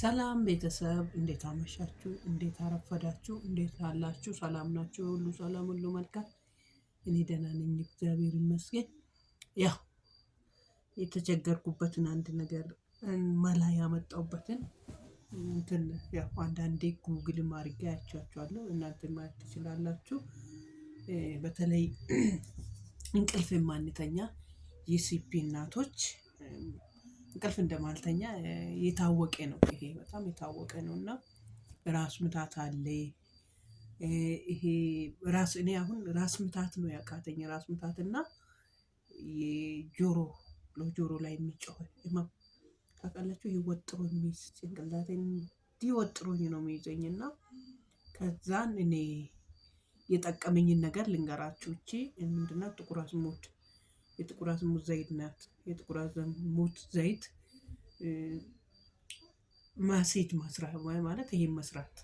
ሰላም ቤተሰብ እንዴት አመሻችሁ? እንዴት አረፈዳችሁ? እንዴት አላችሁ? ሰላም ናችሁ? ሁሉ ሰላም፣ ሁሉ መልካም። እኔ ደህና ነኝ፣ እግዚአብሔር ይመስገን። ያው የተቸገርኩበትን አንድ ነገር መላ ያመጣሁበትን እንትን ያው አንዳንዴ ጉግል አድርጌ አያቻችኋለሁ፣ እናንተ ማየት ትችላላችሁ። በተለይ እንቅልፍ የማንተኛ የሲፒ እናቶች እንቅልፍ እንደማልተኛ የታወቀ ነው። ይሄ በጣም የታወቀ ነው እና ራስ ምታት አለ። ይሄ ራስ እኔ አሁን ራስ ምታት ነው ያቃተኝ። ራስ ምታት እና የጆሮ ጆሮ ላይ የሚጮህ ህመም ታውቃላችሁ፣ ይወጥሮ የሚይዝ ጭንቅላቴን እንዲወጥሮኝ ነው የሚይዘኝ እና ከዛን እኔ የጠቀመኝን ነገር ልንገራችሁ። እቺ ምንድናት? ጥቁር አዝሙድ። የጥቁር አዝሙድ ዘይት ናት። የጥቁር አዝሙድ ዘይት ማሴጅ መስራት ማለት ይሄን መስራት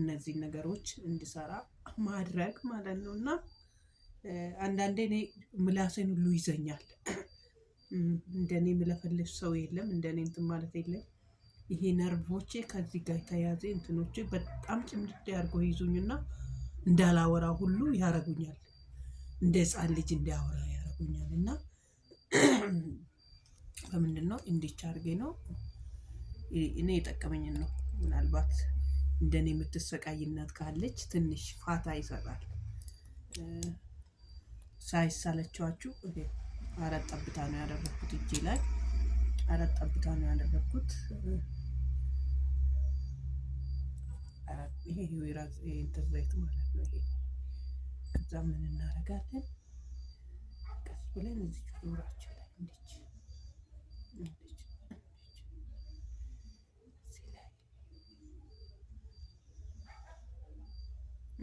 እነዚህ ነገሮች እንዲሰራ ማድረግ ማለት ነው። እና አንዳንዴ እኔ ምላሴን ሁሉ ይዘኛል። እንደኔ የምለፈልፍ ሰው የለም፣ እንደኔ እንትን ማለት የለም። ይሄ ነርቮቼ ከዚህ ጋር የተያዘ እንትኖቼ በጣም ጭምድድ ያርገው ይዙኝና እንዳላወራ ሁሉ ያረጉኛል። እንደ ህፃን ልጅ እንዲያወራ ያረጉኛል እና በምንድን ነው እንዲቻ አድርጌ ነው እኔ የጠቀመኝን ነው። ምናልባት እንደኔ የምትሰቃይነት ካለች ትንሽ ፋታ ይሰጣል። ሳይሳለችኋችሁ አራት ጠብታ ነው ያደረግኩት እጄ ላይ አራት ጠብታ ነው ያደረግኩት። ይሄ ወይራ እንትን ዘይት ማለት ነው። ይሄ ከዛ ምን እናደርጋለን? ቀስ ብለን እዚህ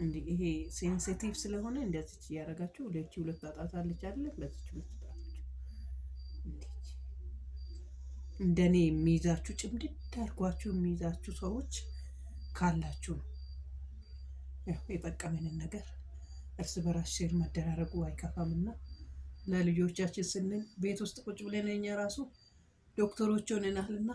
እንዲህ ይሄ ሴንሲቲቭ ስለሆነ እንደዚች እያደረጋችሁ ለቺ ሁለት ጣጣት አለች አይደለ? በዚች ሁለት ጣጣች እንዲህ እንደኔ የሚይዛችሁ ጭምድድ አድርጓችሁ የሚይዛችሁ ሰዎች ካላችሁ ነው። የጠቀመንን ነገር እርስ በራስ ሼር መደራረጉ አይከፋምና ለልጆቻችን ስንል ቤት ውስጥ ቁጭ ብለን እኛ ራሱ ዶክተሮች ሆነናልና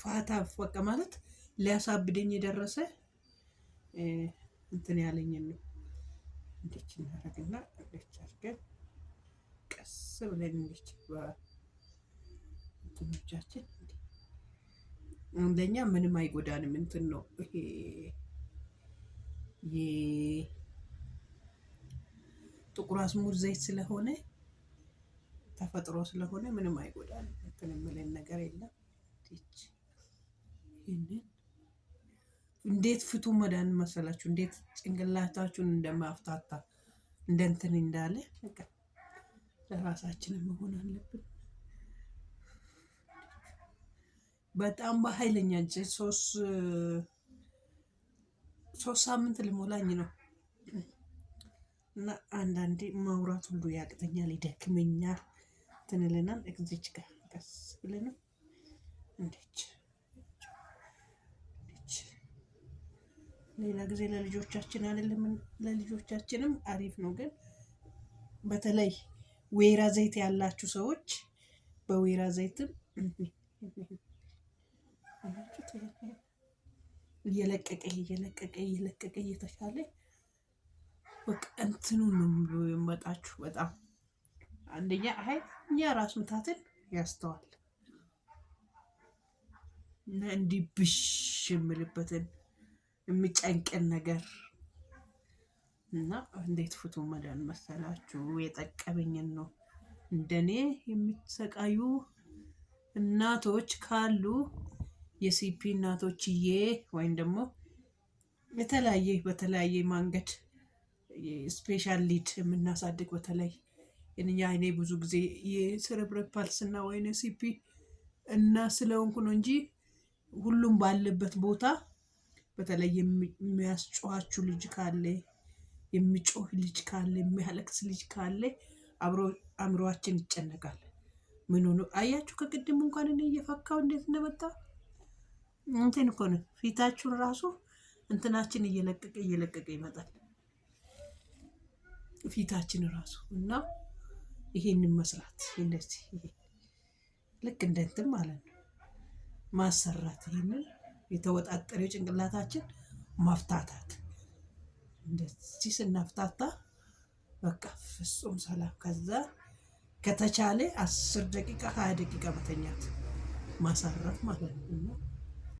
ፋታ በቃ ማለት ሊያሳብደኝ የደረሰ እንትን ያለኝን ነው። እንዴት እናደርግና እንዴት አድርገን ቀስ ብለን እንዴት እንትኖቻችን አንደኛ ምንም አይጎዳንም። እንትን ነው ይሄ የጥቁር አዝሙድ ዘይት ስለሆነ ተፈጥሮ ስለሆነ ምንም አይጎዳንም። እንትን የምልን ነገር የለም። ይህንን እንዴት ፍቱ መዳን መሰላችሁ? እንዴት ጭንቅላታችሁን እንደማፍታታ እንደንትን እንዳለ ለራሳችንም መሆን አለብን። በጣም በኃይለኛ እጄ ሶስት ሳምንት ልሞላኝ ነው እና አንዳንዴ ማውራት ሁሉ ያቅተኛል፣ ይደክመኛል። ትንልናል እግዜች ጋር ቀስ ብለንም እንዴች ሌላ ጊዜ ለልጆቻችን አይደለም ለልጆቻችንም አሪፍ ነው። ግን በተለይ ወይራ ዘይት ያላችሁ ሰዎች በወይራ ዘይትም እየለቀቀ እየለቀቀ እየለቀቀ እየተሻለ በቃ እንትኑ ነው ብሎ በጣም አንደኛ አይ እኛ ራስ ምታትን ያስተዋል እና እንዲህ ብሽ የምልበትን የሚጨንቅን ነገር እና እንዴት ፍቱ መዳን መሰላችሁ የጠቀመኝን ነው። እንደኔ የምትሰቃዩ እናቶች ካሉ የሲፒ እናቶችዬ ወይም ደግሞ የተለያየ በተለያየ መንገድ ስፔሻል ሊድ የምናሳድግ በተለይ እኛ እኔ ብዙ ጊዜ የሴሬብራል ፓልስና ወይም ሲፒ እና ስለሆንኩ ነው እንጂ ሁሉም ባለበት ቦታ በተለይ የሚያስጮኋችሁ ልጅ ካለ የሚጮህ ልጅ ካለ የሚያለቅስ ልጅ ካለ አብሮ አእምሮአችን ይጨነቃል። ምን ሆኖ አያችሁ? ከቅድሙ እንኳን እኔ እየፈካው እንዴት እንደመጣ እንትን እኮ ነው ፊታችሁን ራሱ እንትናችን እየለቀቀ እየለቀቀ ይመጣል ፊታችን ራሱ እና ይሄንን መስራት እንደዚህ ልክ እንደ እንትን ማለት ነው ማሰራት ይሄንን የተወጣጠረ ጭንቅላታችን ማፍታታት እንደዚህ ስናፍታታ በቃ ፍጹም ሰላም። ከዛ ከተቻለ አስር ደቂቃ ሀያ ደቂቃ መተኛት ማሳረፍ ማለት ነው።